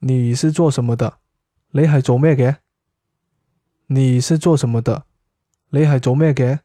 你是做什麼的？你係做咩嘅？你是做什麼的？你係做咩嘅？